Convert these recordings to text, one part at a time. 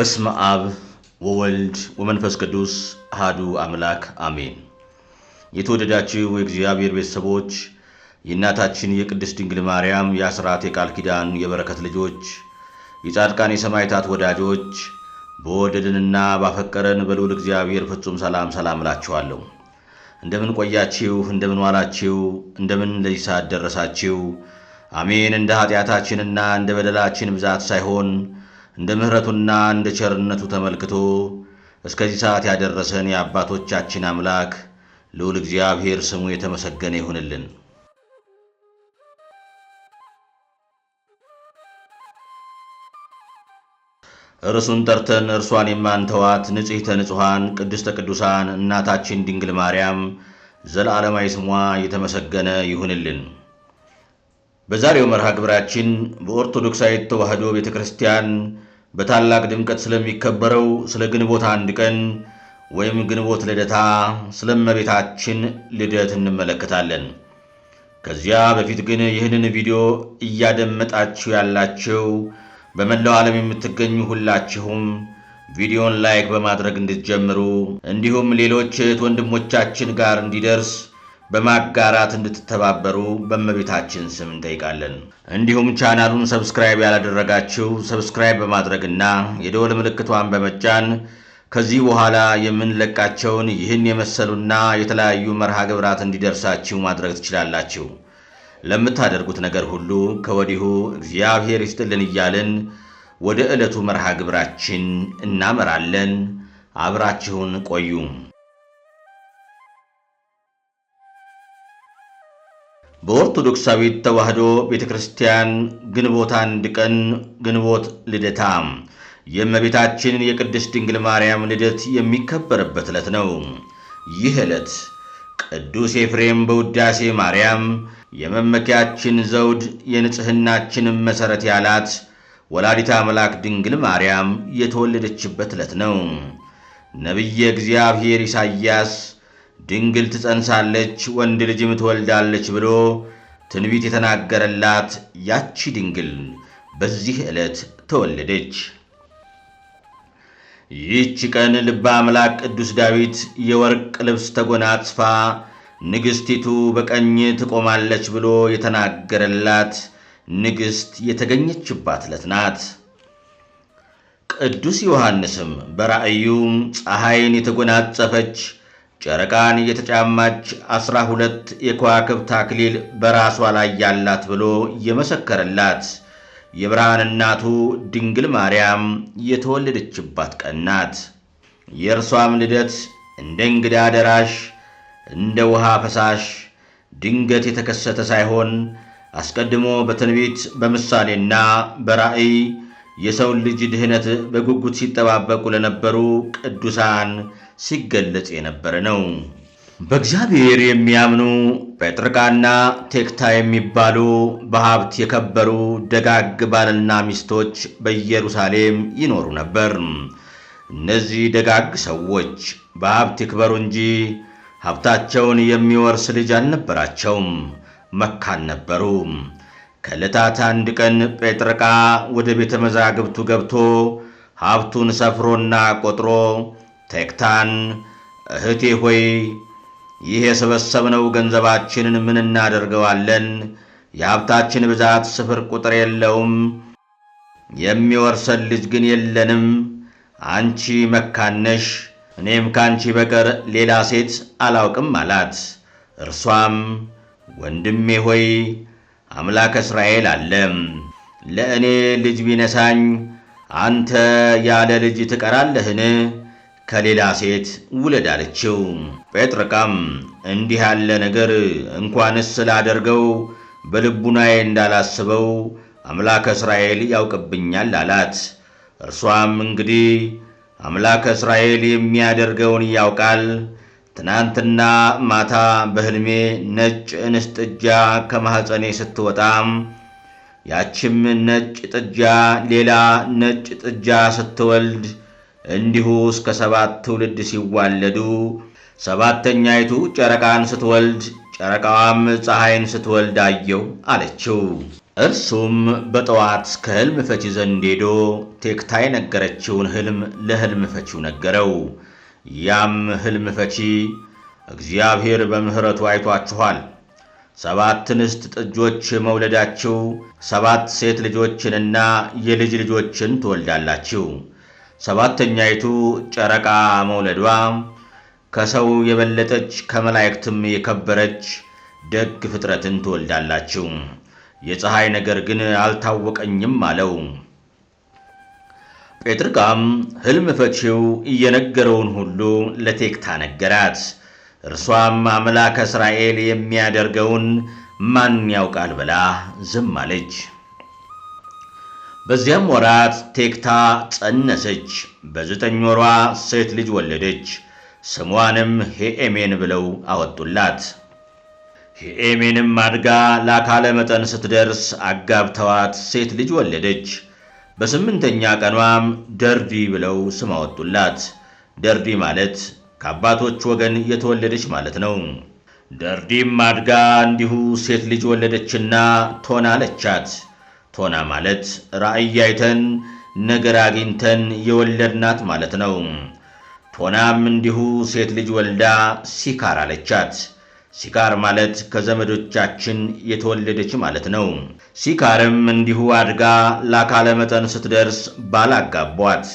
በስመ አብ ወወልድ ወመንፈስ ቅዱስ አሐዱ አምላክ አሜን። የተወደዳችሁ የእግዚአብሔር ቤተሰቦች የእናታችን የቅድስት ድንግል ማርያም የአስራት የቃል ኪዳን የበረከት ልጆች የጻድቃን የሰማዕታት ወዳጆች በወደድንና ባፈቀረን በልዑል እግዚአብሔር ፍጹም ሰላም ሰላም እላችኋለሁ። እንደምን ቆያችሁ? እንደምን ዋላችሁ? እንደምን ለዚህ ሰዓት ደረሳችሁ? አሜን። እንደ ኃጢአታችንና እንደ በደላችን ብዛት ሳይሆን እንደ ምሕረቱና እንደ ቸርነቱ ተመልክቶ እስከዚህ ሰዓት ያደረሰን የአባቶቻችን አምላክ ልዑል እግዚአብሔር ስሙ የተመሰገነ ይሁንልን። እርሱን ጠርተን እርሷን የማንተዋት ንጽሕተ ንጹሐን ቅድስተ ቅዱሳን እናታችን ድንግል ማርያም ዘለዓለማዊ ስሟ የተመሰገነ ይሁንልን። በዛሬው መርሃ ግብራችን በኦርቶዶክሳዊት ተዋሕዶ ቤተ ክርስቲያን በታላቅ ድምቀት ስለሚከበረው ስለ ግንቦት አንድ ቀን ወይም ግንቦት ልደታ ስለ እመቤታችን ልደት እንመለከታለን። ከዚያ በፊት ግን ይህንን ቪዲዮ እያደመጣችሁ ያላችሁ በመላው ዓለም የምትገኙ ሁላችሁም ቪዲዮን ላይክ በማድረግ እንድትጀምሩ እንዲሁም ሌሎች እህት ወንድሞቻችን ጋር እንዲደርስ በማጋራት እንድትተባበሩ በእመቤታችን ስም እንጠይቃለን። እንዲሁም ቻናሉን ሰብስክራይብ ያላደረጋችሁ ሰብስክራይብ በማድረግና የደወል ምልክቷን በመጫን ከዚህ በኋላ የምንለቃቸውን ይህን የመሰሉና የተለያዩ መርሃ ግብራት እንዲደርሳችሁ ማድረግ ትችላላችሁ። ለምታደርጉት ነገር ሁሉ ከወዲሁ እግዚአብሔር ይስጥልን እያልን ወደ ዕለቱ መርሃ ግብራችን እናመራለን። አብራችሁን ቆዩ። በኦርቶዶክሳዊት ተዋህዶ ቤተ ክርስቲያን ግንቦት አንድ ቀን ግንቦት ልደታ የእመቤታችን የቅድስት ድንግል ማርያም ልደት የሚከበርበት ዕለት ነው። ይህ ዕለት ቅዱስ ኤፍሬም በውዳሴ ማርያም የመመኪያችን ዘውድ የንጽሕናችንም መሠረት ያላት ወላዲተ አምላክ ድንግል ማርያም የተወለደችበት ዕለት ነው። ነቢየ እግዚአብሔር ኢሳይያስ ድንግል ትጸንሳለች፣ ወንድ ልጅም ትወልዳለች ብሎ ትንቢት የተናገረላት ያቺ ድንግል በዚህ ዕለት ተወለደች። ይህች ቀን ልበ አምላክ ቅዱስ ዳዊት የወርቅ ልብስ ተጎናጽፋ ንግሥቲቱ በቀኝ ትቆማለች ብሎ የተናገረላት ንግሥት የተገኘችባት ዕለት ናት። ቅዱስ ዮሐንስም በራእዩ ፀሐይን የተጎናጸፈች ጨረቃን እየተጫማች አስራ ሁለት የከዋክብት አክሊል በራሷ ላይ ያላት ብሎ የመሰከረላት የብርሃን እናቱ ድንግል ማርያም የተወለደችባት ቀን ናት። የእርሷም ልደት እንደ እንግዳ ደራሽ እንደ ውሃ ፈሳሽ ድንገት የተከሰተ ሳይሆን አስቀድሞ በትንቢት በምሳሌና በራእይ የሰውን ልጅ ድህነት በጉጉት ሲጠባበቁ ለነበሩ ቅዱሳን ሲገለጽ የነበረ ነው። በእግዚአብሔር የሚያምኑ ጴጥርቃና ቴክታ የሚባሉ በሀብት የከበሩ ደጋግ ባልና ሚስቶች በኢየሩሳሌም ይኖሩ ነበር። እነዚህ ደጋግ ሰዎች በሀብት ይክበሩ እንጂ ሀብታቸውን የሚወርስ ልጅ አልነበራቸውም፣ መካን ነበሩ። ከዕለታት አንድ ቀን ጴጥርቃ ወደ ቤተ መዛግብቱ ገብቶ ሀብቱን ሰፍሮና ቆጥሮ ቴክታን እህቴ ሆይ ይህ የሰበሰብነው ገንዘባችንን ምን እናደርገዋለን? የሀብታችን ብዛት ስፍር ቁጥር የለውም፣ የሚወርሰን ልጅ ግን የለንም። አንቺ መካነሽ፣ እኔም ካንቺ በቀር ሌላ ሴት አላውቅም አላት። እርሷም ወንድሜ ሆይ አምላክ እስራኤል አለ፣ ለእኔ ልጅ ቢነሳኝ አንተ ያለ ልጅ ትቀራለህን? ከሌላ ሴት ውለድ አለችው። ጴጥርቃም እንዲህ ያለ ነገር እንኳንስ ስላደርገው በልቡናዬ እንዳላስበው አምላከ እስራኤል ያውቅብኛል አላት። እርሷም እንግዲህ አምላከ እስራኤል የሚያደርገውን ያውቃል፣ ትናንትና ማታ በሕልሜ ነጭ እንስት ጥጃ ከማኅፀኔ ስትወጣም ያችም ነጭ ጥጃ ሌላ ነጭ ጥጃ ስትወልድ እንዲሁ እስከ ሰባት ትውልድ ሲዋለዱ ሰባተኛይቱ ጨረቃን ስትወልድ ጨረቃዋም ፀሐይን ስትወልድ አየው አለችው። እርሱም በጠዋት ከሕልም ፈቺ ዘንድ ሄዶ ቴክታ የነገረችውን ሕልም ለሕልም ፈቺው ነገረው። ያም ሕልም ፈቺ እግዚአብሔር በምሕረቱ አይቷችኋል ሰባት ንስት ጥጆች መውለዳችሁ ሰባት ሴት ልጆችንና የልጅ ልጆችን ትወልዳላችሁ ሰባተኛይቱ ጨረቃ መውለዷ ከሰው የበለጠች ከመላእክትም የከበረች ደግ ፍጥረትን ትወልዳላችሁ። የፀሐይ ነገር ግን አልታወቀኝም አለው። ጴጥርቃም ሕልም ፈቺው እየነገረውን ሁሉ ለቴክታ ነገራት። እርሷም አምላከ እስራኤል የሚያደርገውን ማን ያውቃል ብላ ዝም አለች። በዚያም ወራት ቴክታ ጸነሰች፣ በዘጠኝ ወሯ ሴት ልጅ ወለደች። ስሟንም ሄኤሜን ብለው አወጡላት። ሄኤሜንም አድጋ ለአካለ መጠን ስትደርስ አጋብተዋት ሴት ልጅ ወለደች። በስምንተኛ ቀኗም ደርዲ ብለው ስም አወጡላት። ደርዲ ማለት ከአባቶች ወገን የተወለደች ማለት ነው። ደርዲም አድጋ እንዲሁ ሴት ልጅ ወለደችና ቶና አለቻት። ቶና ማለት ራእይ አይተን ነገር አግኝተን የወለድናት ማለት ነው። ቶናም እንዲሁ ሴት ልጅ ወልዳ ሲካር አለቻት። ሲካር ማለት ከዘመዶቻችን የተወለደች ማለት ነው። ሲካርም እንዲሁ አድጋ ለአካለ መጠን ስትደርስ ባላጋቧት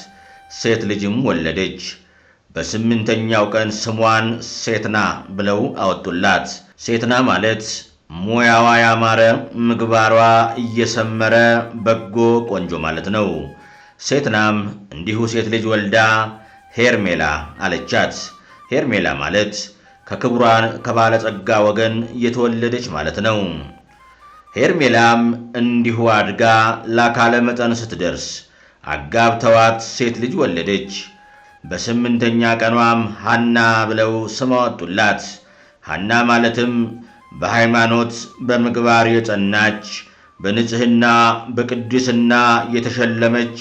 ሴት ልጅም ወለደች። በስምንተኛው ቀን ስሟን ሴትና ብለው አወጡላት። ሴትና ማለት ሙያዋ ያማረ ምግባሯ እየሰመረ በጎ ቆንጆ ማለት ነው። ሴትናም እንዲሁ ሴት ልጅ ወልዳ ሄርሜላ አለቻት። ሄርሜላ ማለት ከክቡራን ከባለጸጋ ወገን የተወለደች ማለት ነው። ሄርሜላም እንዲሁ አድጋ ለአካለ መጠን ስትደርስ አጋብተዋት ሴት ልጅ ወለደች። በስምንተኛ ቀኗም ሐና ብለው ስም አወጡላት። ሐና ማለትም በሃይማኖት በምግባር የጸናች በንጽሕና በቅድስና የተሸለመች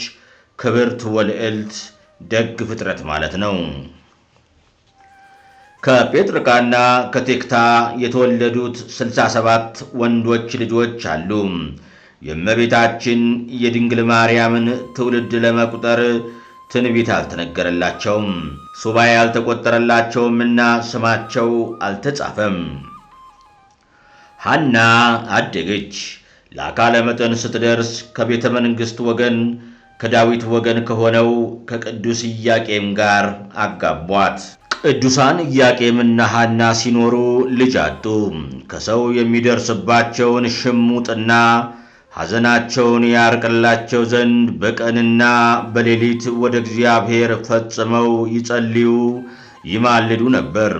ክብርት ወልዕልት ደግ ፍጥረት ማለት ነው። ከጴጥርቃና ከቴክታ የተወለዱት ስልሳ ሰባት ወንዶች ልጆች አሉ። የእመቤታችን የድንግል ማርያምን ትውልድ ለመቁጠር ትንቢት አልተነገረላቸውም፣ ሱባኤ አልተቆጠረላቸውምና ስማቸው አልተጻፈም። ሐና አደገች። ለአካለ መጠን ስትደርስ ከቤተ መንግሥት ወገን ከዳዊት ወገን ከሆነው ከቅዱስ ኢያቄም ጋር አጋቧት። ቅዱሳን ኢያቄምና ሐና ሲኖሩ ልጅ አጡ። ከሰው የሚደርስባቸውን ሽሙጥና ሐዘናቸውን ያርቅላቸው ዘንድ በቀንና በሌሊት ወደ እግዚአብሔር ፈጽመው ይጸልዩ ይማልዱ ነበር።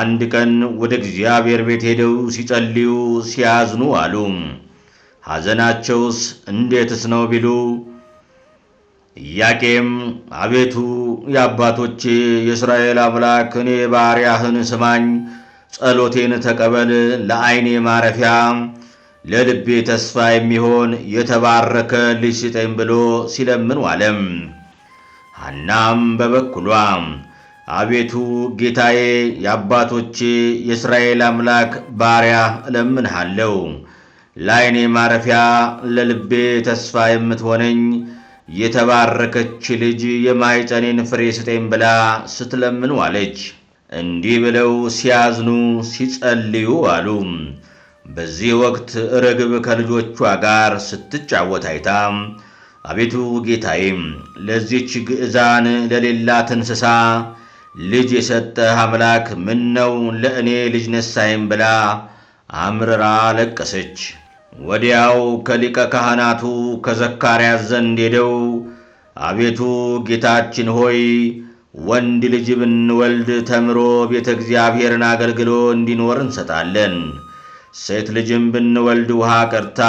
አንድ ቀን ወደ እግዚአብሔር ቤት ሄደው ሲጸልዩ ሲያዝኑ አሉ። ሐዘናቸውስ እንዴትስ ነው ቢሉ ኢያቄም አቤቱ የአባቶቼ የእስራኤል አምላክ እኔ ባሪያህን ስማኝ፣ ጸሎቴን ተቀበል፣ ለዐይኔ ማረፊያ ለልቤ ተስፋ የሚሆን የተባረከ ልጅ ስጠኝ ብሎ ሲለምን ዋለም። ሐናም በበኩሏ አቤቱ ጌታዬ የአባቶቼ የእስራኤል አምላክ ባሪያ እለምንሃለው ለዓይኔ ማረፊያ ለልቤ ተስፋ የምትሆነኝ የተባረከች ልጅ የማኅፀኔን ፍሬ ስጤም ብላ ስትለምኑ አለች። እንዲህ ብለው ሲያዝኑ ሲጸልዩ አሉ። በዚህ ወቅት ርግብ ከልጆቿ ጋር ስትጫወት አይታ አቤቱ ጌታዬም ለዚች ግዕዛን ለሌላት እንስሳ ልጅ የሰጠህ አምላክ ምን ነው ለእኔ ልጅ ነሳይም ብላ አምርራ ለቀሰች። ወዲያው ከሊቀ ካህናቱ ከዘካርያስ ዘንድ ሄደው አቤቱ ጌታችን ሆይ ወንድ ልጅ ብንወልድ ተምሮ ቤተ እግዚአብሔርን አገልግሎ እንዲኖር እንሰጣለን። ሴት ልጅም ብንወልድ ውሃ ቀድታ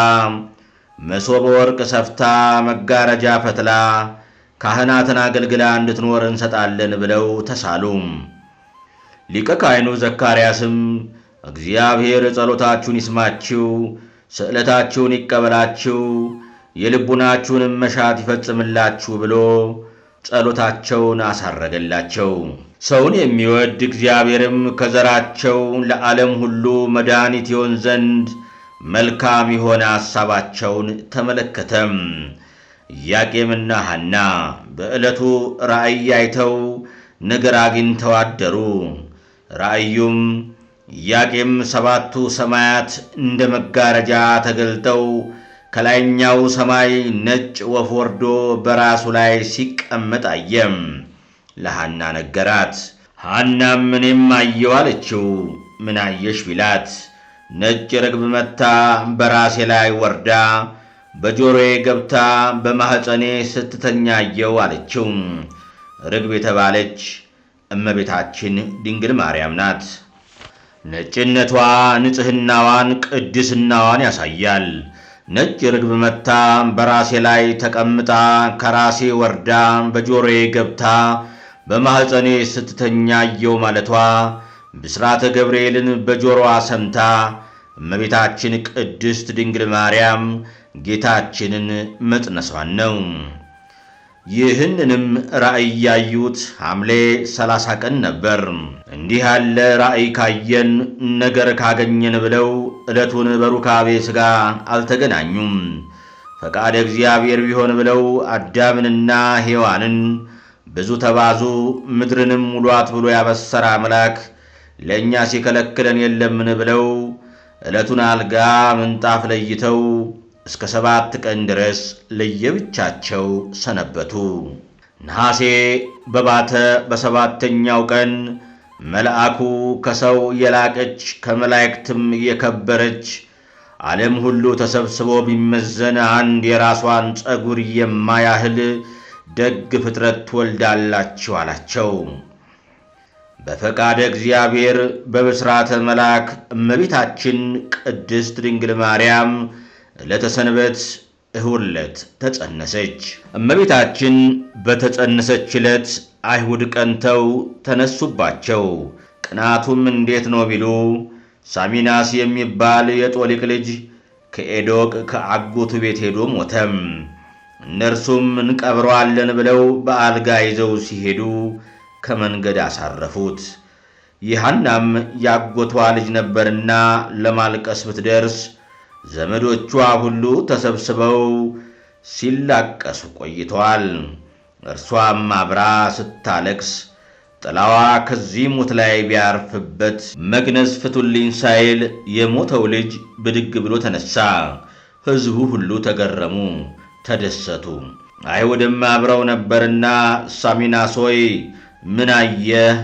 መሶበ ወርቅ ሰፍታ መጋረጃ ፈትላ ካህናትን አገልግላ እንድትኖር እንሰጣለን ብለው ተሳሉ። ሊቀ ካህኑ ዘካርያስም እግዚአብሔር ጸሎታችሁን ይስማችሁ፣ ስዕለታችሁን ይቀበላችሁ፣ የልቡናችሁንም መሻት ይፈጽምላችሁ ብሎ ጸሎታቸውን አሳረገላቸው። ሰውን የሚወድ እግዚአብሔርም ከዘራቸው ለዓለም ሁሉ መድኃኒት ይሆን ዘንድ መልካም የሆነ ሐሳባቸውን ተመለከተም። ኢያቄምና ሐና በዕለቱ ራእይ አይተው ነገር አግኝተው አደሩ። ራእዩም ኢያቄም ሰባቱ ሰማያት እንደ መጋረጃ ተገልጠው ከላይኛው ሰማይ ነጭ ወፍ ወርዶ በራሱ ላይ ሲቀመጥ አየም። ለሐና ነገራት። ሐናም እኔም አየው አለችው። ምን አየሽ ቢላት ነጭ ርግብ መታ በራሴ ላይ ወርዳ በጆሮዬ ገብታ በማኅፀኔ ስትተኛየው አለችው። ርግብ የተባለች እመቤታችን ድንግል ማርያም ናት። ነጭነቷ ንጽሕናዋን፣ ቅድስናዋን ያሳያል። ነጭ ርግብ መታ በራሴ ላይ ተቀምጣ ከራሴ ወርዳ በጆሮዬ ገብታ በማኅፀኔ ስትተኛየው ማለቷ ብሥራተ ገብርኤልን በጆሮዋ ሰምታ እመቤታችን ቅድስት ድንግል ማርያም ጌታችንን መጥነሷን ነው። ይህንንም ራእይ ያዩት ሐምሌ 30 ቀን ነበር። እንዲህ ያለ ራእይ ካየን ነገር ካገኘን ብለው ዕለቱን በሩካቤ ሥጋ አልተገናኙም። ፈቃድ እግዚአብሔር ቢሆን ብለው አዳምንና ሔዋንን ብዙ ተባዙ፣ ምድርንም ሙሏት ብሎ ያበሰረ አምላክ ለእኛ ሲከለክለን የለምን ብለው ዕለቱን አልጋ ምንጣፍ ለይተው እስከ ሰባት ቀን ድረስ ለየብቻቸው ሰነበቱ። ነሐሴ በባተ በሰባተኛው ቀን መልአኩ ከሰው የላቀች ከመላእክትም የከበረች ዓለም ሁሉ ተሰብስቦ ቢመዘን አንድ የራሷን ጸጉር የማያህል ደግ ፍጥረት ትወልዳላችሁ አላቸው። በፈቃደ እግዚአብሔር በብሥራተ መልአክ እመቤታችን ቅድስት ድንግል ማርያም ዕለተ ሰንበት እሁድ ዕለት ተጸነሰች። እመቤታችን በተጸነሰች ዕለት አይሁድ ቀንተው ተነሱባቸው። ቅናቱም እንዴት ነው ቢሉ ሳሚናስ የሚባል የጦሊቅ ልጅ ከኤዶቅ ከአጎቱ ቤት ሄዶ ሞተም። እነርሱም እንቀብረዋለን ብለው በአልጋ ይዘው ሲሄዱ ከመንገድ አሳረፉት። ይሃናም ያጎቷ ልጅ ነበርና ለማልቀስ ብትደርስ ዘመዶቿ ሁሉ ተሰብስበው ሲላቀሱ ቆይተዋል። እርሷም አብራ ስታለቅስ ጥላዋ ከዚህ ሞት ላይ ቢያርፍበት መግነዝ ፍቱልኝ ሳይል የሞተው ልጅ ብድግ ብሎ ተነሳ። ሕዝቡ ሁሉ ተገረሙ፣ ተደሰቱ። አይሁድም አብረው ነበርና ሳሚናሶይ ምን አየህ?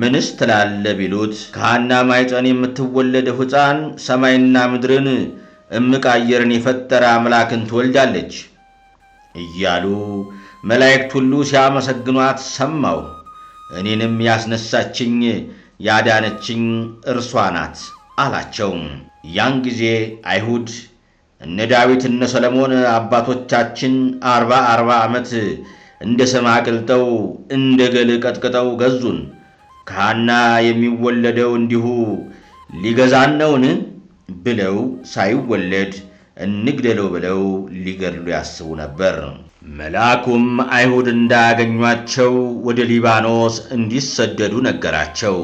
ምንስ ትላለ ቢሉት ከሐና ማኅፀን የምትወለደው ሕፃን ሰማይና ምድርን እምቅ አየርን የፈጠረ አምላክን ትወልዳለች እያሉ መላእክት ሁሉ ሲያመሰግኗት ሰማሁ። እኔንም ያስነሳችኝ ያዳነችኝ እርሷ ናት አላቸው። ያን ጊዜ አይሁድ እነ ዳዊት እነ ሰለሞን አባቶቻችን አርባ አርባ ዓመት እንደ ሰም አቅልጠው እንደ ገል ቀጥቅጠው ገዙን፣ ከሐና የሚወለደው እንዲሁ ሊገዛን ነውን? ብለው ሳይወለድ እንግደለው ብለው ሊገድሉ ያስቡ ነበር። መልአኩም አይሁድ እንዳያገኟቸው ወደ ሊባኖስ እንዲሰደዱ ነገራቸው።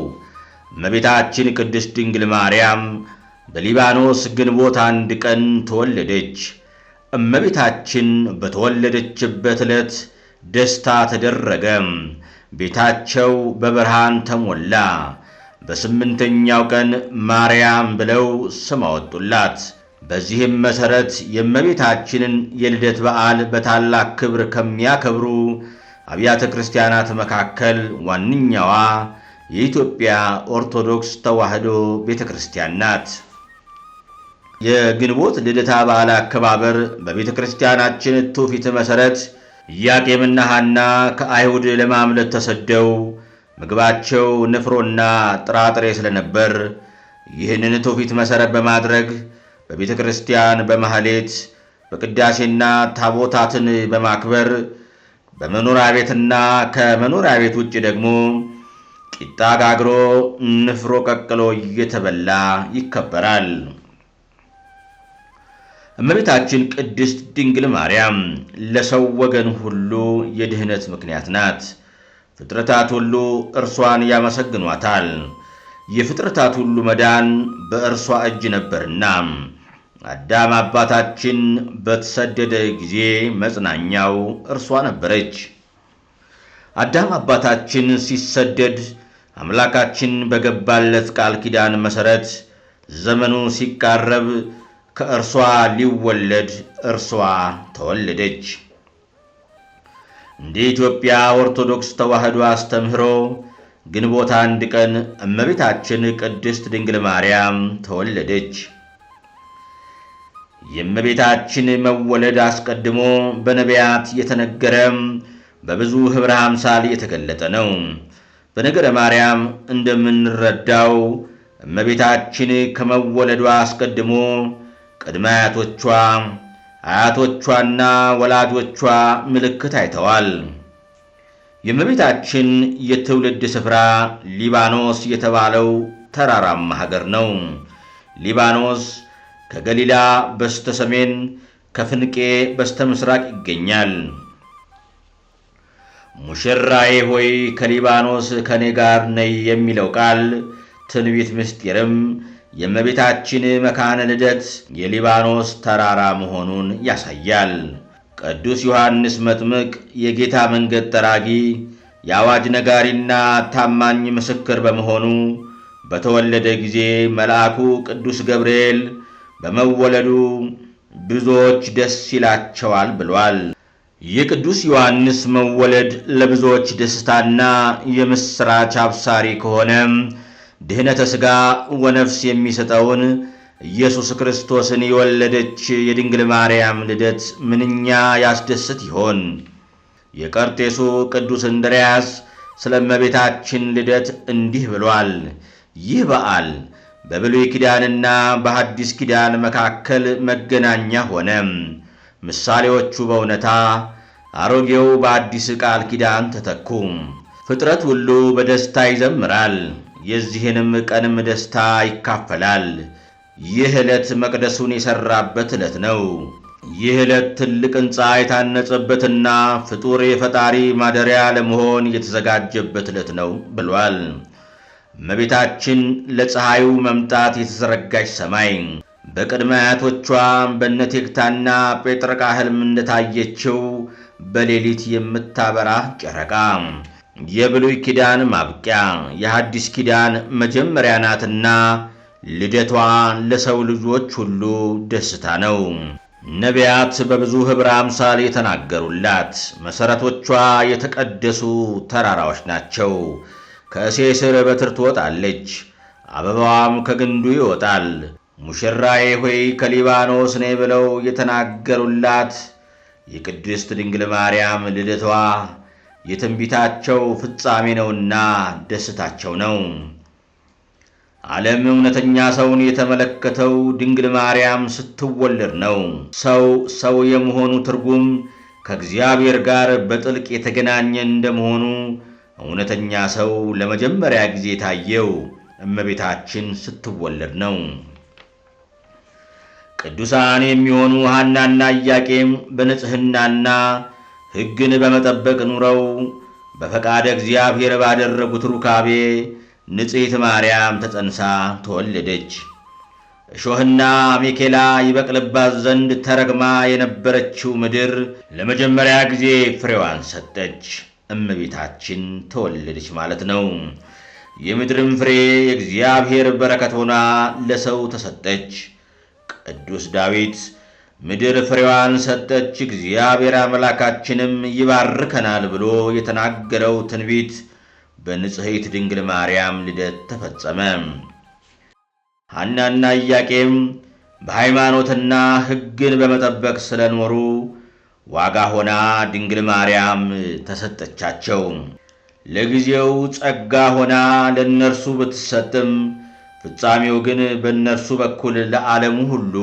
እመቤታችን ቅድስት ድንግል ማርያም በሊባኖስ ግንቦት አንድ ቀን ተወለደች። እመቤታችን በተወለደችበት ዕለት ደስታ ተደረገ። ቤታቸው በብርሃን ተሞላ። በስምንተኛው ቀን ማርያም ብለው ስም አወጡላት። በዚህም መሠረት የእመቤታችንን የልደት በዓል በታላቅ ክብር ከሚያከብሩ አብያተ ክርስቲያናት መካከል ዋነኛዋ የኢትዮጵያ ኦርቶዶክስ ተዋሕዶ ቤተ ክርስቲያን ናት። የግንቦት ልደታ በዓል አከባበር በቤተ ክርስቲያናችን ትውፊት መሠረት ኢያቄምና ሐና ከአይሁድ ለማምለት ተሰደው ምግባቸው ንፍሮና ጥራጥሬ ስለነበር ይህንን ትውፊት መሠረት በማድረግ በቤተ ክርስቲያን በማህሌት በቅዳሴና ታቦታትን በማክበር በመኖሪያ ቤትና ከመኖሪያ ቤት ውጭ ደግሞ ቂጣ ጋግሮ ንፍሮ ቀቅሎ እየተበላ ይከበራል። እመቤታችን ቅድስት ድንግል ማርያም ለሰው ወገን ሁሉ የድህነት ምክንያት ናት። ፍጥረታት ሁሉ እርሷን ያመሰግኗታል። የፍጥረታት ሁሉ መዳን በእርሷ እጅ ነበርና አዳም አባታችን በተሰደደ ጊዜ መጽናኛው እርሷ ነበረች። አዳም አባታችን ሲሰደድ አምላካችን በገባለት ቃል ኪዳን መሠረት ዘመኑ ሲቃረብ ከእርሷ ሊወለድ እርሷ ተወለደች። እንደ ኢትዮጵያ ኦርቶዶክስ ተዋህዶ አስተምህሮ ግንቦት አንድ ቀን እመቤታችን ቅድስት ድንግል ማርያም ተወለደች። የእመቤታችን መወለድ አስቀድሞ በነቢያት የተነገረ በብዙ ኅብረ አምሳል የተገለጠ ነው። በነገረ ማርያም እንደምንረዳው እመቤታችን ከመወለዷ አስቀድሞ ቅድመ አያቶቿ አያቶቿና ወላጆቿ ምልክት አይተዋል። የእመቤታችን የትውልድ ስፍራ ሊባኖስ የተባለው ተራራማ ሀገር ነው። ሊባኖስ ከገሊላ በስተ ሰሜን ከፍንቄ በስተ ምስራቅ ይገኛል። ሙሽራዬ ሆይ ከሊባኖስ ከእኔ ጋር ነይ የሚለው ቃል ትንቢት ምስጢርም የእመቤታችን መካነ ልደት የሊባኖስ ተራራ መሆኑን ያሳያል። ቅዱስ ዮሐንስ መጥምቅ የጌታ መንገድ ጠራጊ የአዋጅ ነጋሪና ታማኝ ምስክር በመሆኑ በተወለደ ጊዜ መልአኩ ቅዱስ ገብርኤል በመወለዱ ብዙዎች ደስ ይላቸዋል ብሏል። የቅዱስ ዮሐንስ መወለድ ለብዙዎች ደስታና የምሥራች አብሳሪ ከሆነ ድህነተ ሥጋ ወነፍስ የሚሰጠውን ኢየሱስ ክርስቶስን የወለደች የድንግል ማርያም ልደት ምንኛ ያስደስት ይሆን? የቀርጤሱ ቅዱስ እንድርያስ ስለ እመቤታችን ልደት እንዲህ ብሏል። ይህ በዓል በብሉይ ኪዳንና በሐዲስ ኪዳን መካከል መገናኛ ሆነ። ምሳሌዎቹ በእውነታ አሮጌው በአዲስ ቃል ኪዳን ተተኩ። ፍጥረት ሁሉ በደስታ ይዘምራል። የዚህንም ቀንም ደስታ ይካፈላል። ይህ ዕለት መቅደሱን የሠራበት ዕለት ነው። ይህ ዕለት ትልቅ ሕንፃ የታነጸበትና ፍጡር የፈጣሪ ማደሪያ ለመሆን የተዘጋጀበት ዕለት ነው ብሏል። እመቤታችን ለፀሐዩ መምጣት የተዘረጋች ሰማይ በቅድመ አያቶቿ በነቴክታና ጴጥርቃ ሕልም እንደታየችው በሌሊት የምታበራ ጨረቃ የብሉይ ኪዳን ማብቂያ የሐዲስ ኪዳን መጀመሪያ ናትና ልደቷ ለሰው ልጆች ሁሉ ደስታ ነው። ነቢያት በብዙ ኅብረ አምሳል የተናገሩላት መሠረቶቿ የተቀደሱ ተራራዎች ናቸው። ከእሴ ስር በትር ትወጣለች፣ አበባዋም ከግንዱ ይወጣል። ሙሽራዬ ሆይ ከሊባኖስ ነይ ብለው የተናገሩላት የቅድስት ድንግል ማርያም ልደቷ የትንቢታቸው ፍጻሜ ነውና ደስታቸው ነው። ዓለም እውነተኛ ሰውን የተመለከተው ድንግል ማርያም ስትወለድ ነው። ሰው ሰው የመሆኑ ትርጉም ከእግዚአብሔር ጋር በጥልቅ የተገናኘ እንደመሆኑ እውነተኛ ሰው ለመጀመሪያ ጊዜ የታየው እመቤታችን ስትወለድ ነው። ቅዱሳን የሚሆኑ ሐናና ኢያቄም በንጽሕናና ሕግን በመጠበቅ ኑረው በፈቃደ እግዚአብሔር ባደረጉት ሩካቤ ንጽሕት ማርያም ተጸንሳ ተወለደች። እሾህና አሜኬላ ይበቅልባት ዘንድ ተረግማ የነበረችው ምድር ለመጀመሪያ ጊዜ ፍሬዋን ሰጠች። እመቤታችን ተወለደች ማለት ነው። የምድርም ፍሬ የእግዚአብሔር በረከት ሆና ለሰው ተሰጠች። ቅዱስ ዳዊት ምድር ፍሬዋን ሰጠች፣ እግዚአብሔር አምላካችንም ይባርከናል ብሎ የተናገረው ትንቢት በንጽሕት ድንግል ማርያም ልደት ተፈጸመ። ሐናና ኢያቄም በሃይማኖትና ሕግን በመጠበቅ ስለኖሩ ዋጋ ሆና ድንግል ማርያም ተሰጠቻቸው። ለጊዜው ጸጋ ሆና ለእነርሱ ብትሰጥም ፍጻሜው ግን በእነርሱ በኩል ለዓለሙ ሁሉ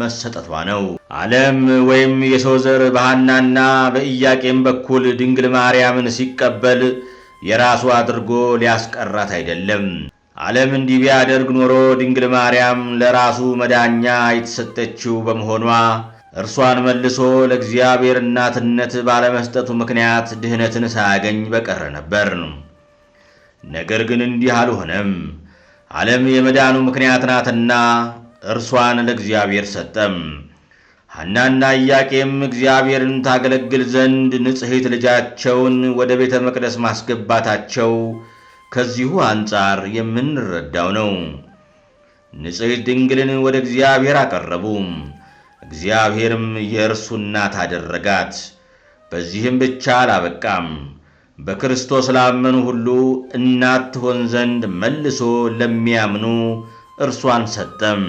መሰጠቷ ነው። ዓለም ወይም የሰው ዘር በሐናና በኢያቄም በኩል ድንግል ማርያምን ሲቀበል የራሱ አድርጎ ሊያስቀራት አይደለም። ዓለም እንዲህ ቢያደርግ ኖሮ ድንግል ማርያም ለራሱ መዳኛ የተሰጠችው በመሆኗ እርሷን መልሶ ለእግዚአብሔር እናትነት ባለመስጠቱ ምክንያት ድኅነትን ሳያገኝ በቀረ ነበር። ነገር ግን እንዲህ አልሆነም። ዓለም የመዳኑ ምክንያት ናትና እርሷን ለእግዚአብሔር ሰጠም። ሐናና ኢያቄም እግዚአብሔርን ታገለግል ዘንድ ንጽሕት ልጃቸውን ወደ ቤተ መቅደስ ማስገባታቸው ከዚሁ አንጻር የምንረዳው ነው። ንጽሕት ድንግልን ወደ እግዚአብሔር አቀረቡ፣ እግዚአብሔርም የእርሱ እናት አደረጋት። በዚህም ብቻ አላበቃም። በክርስቶስ ላመኑ ሁሉ እናት ትሆን ዘንድ መልሶ ለሚያምኑ እርሷን ሰጠም።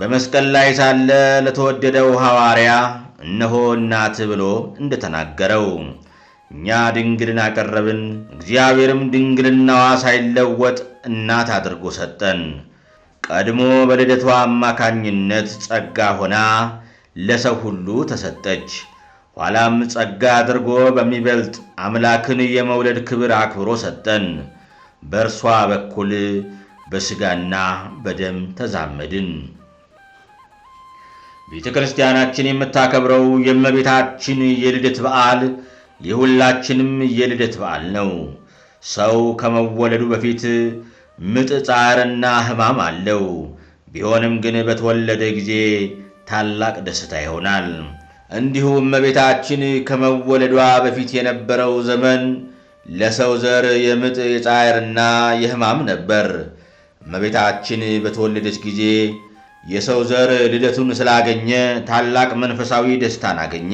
በመስቀል ላይ ሳለ ለተወደደው ሐዋርያ እነሆ እናት ብሎ እንደተናገረው እኛ ድንግልን አቀረብን፣ እግዚአብሔርም ድንግልናዋ ሳይለወጥ እናት አድርጎ ሰጠን። ቀድሞ በልደቷ አማካኝነት ጸጋ ሆና ለሰው ሁሉ ተሰጠች። ኋላም ጸጋ አድርጎ በሚበልጥ አምላክን የመውለድ ክብር አክብሮ ሰጠን። በእርሷ በኩል በሥጋና በደም ተዛመድን። ቤተ ክርስቲያናችን የምታከብረው የእመቤታችን የልደት በዓል የሁላችንም የልደት በዓል ነው። ሰው ከመወለዱ በፊት ምጥ፣ ጻርና ሕማም አለው። ቢሆንም ግን በተወለደ ጊዜ ታላቅ ደስታ ይሆናል። እንዲሁም እመቤታችን ከመወለዷ በፊት የነበረው ዘመን ለሰው ዘር የምጥ የጻዕርና የሕማም ነበር። እመቤታችን በተወለደች ጊዜ የሰው ዘር ልደቱን ስላገኘ ታላቅ መንፈሳዊ ደስታን አገኘ።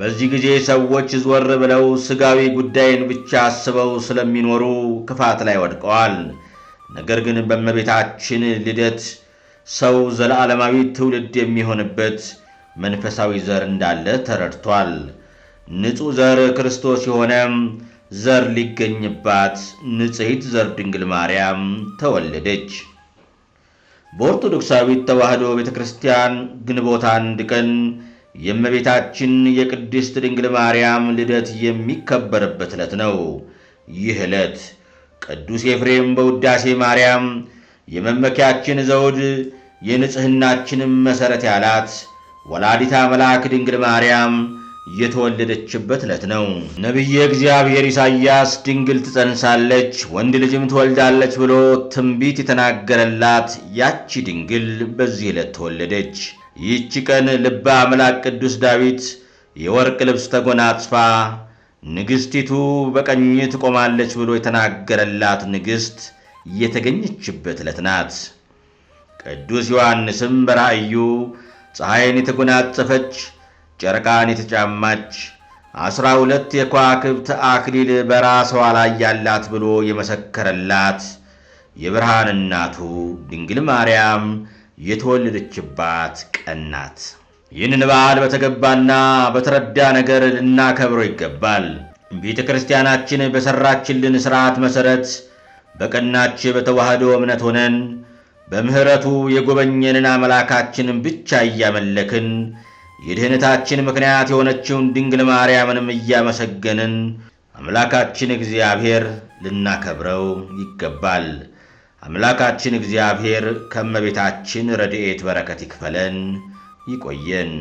በዚህ ጊዜ ሰዎች ዞር ብለው ሥጋዊ ጉዳይን ብቻ አስበው ስለሚኖሩ ክፋት ላይ ወድቀዋል። ነገር ግን በእመቤታችን ልደት ሰው ዘለዓለማዊ ትውልድ የሚሆንበት መንፈሳዊ ዘር እንዳለ ተረድቷል። ንጹሕ ዘር ክርስቶስ የሆነ ዘር ሊገኝባት ንጽሕት ዘር ድንግል ማርያም ተወለደች። በኦርቶዶክሳዊት ተዋሕዶ ቤተ ክርስቲያን ግንቦት አንድ ቀን የእመቤታችን የቅድስት ድንግል ማርያም ልደት የሚከበርበት ዕለት ነው። ይህ ዕለት ቅዱስ ኤፍሬም በውዳሴ ማርያም የመመኪያችን ዘውድ የንጽሕናችንም መሠረት ያላት ወላዲታ መልአክ ድንግል ማርያም የተወለደችበት ዕለት ነው። ነቢየ እግዚአብሔር ኢሳይያስ ድንግል ትጸንሳለች ወንድ ልጅም ትወልዳለች ብሎ ትንቢት የተናገረላት ያቺ ድንግል በዚህ ዕለት ተወለደች። ይህች ቀን ልበ አምላክ ቅዱስ ዳዊት የወርቅ ልብስ ተጎናጽፋ ንግሥቲቱ በቀኝ ትቆማለች ብሎ የተናገረላት ንግሥት የተገኘችበት ዕለት ናት። ቅዱስ ዮሐንስም በራእዩ ፀሐይን የተጎናጸፈች ጨረቃን የተጫማች አስራ ሁለት የከዋክብት አክሊል በራሷ ላይ ያላት ብሎ የመሰከረላት የብርሃን እናቱ ድንግል ማርያም የተወለደችባት ቀን ናት። ይህንን በዓል በተገባና በተረዳ ነገር ልናከብረው ይገባል። ቤተ ክርስቲያናችን በሠራችልን ሥርዓት መሠረት በቀናች በተዋህዶ እምነት ሆነን በምሕረቱ የጎበኘንን አምላካችንን ብቻ እያመለክን የድህነታችን ምክንያት የሆነችውን ድንግል ማርያምንም እያመሰገንን አምላካችን እግዚአብሔር ልናከብረው ይገባል። አምላካችን እግዚአብሔር ከመቤታችን ረድኤት በረከት ይክፈለን። ይቆየን።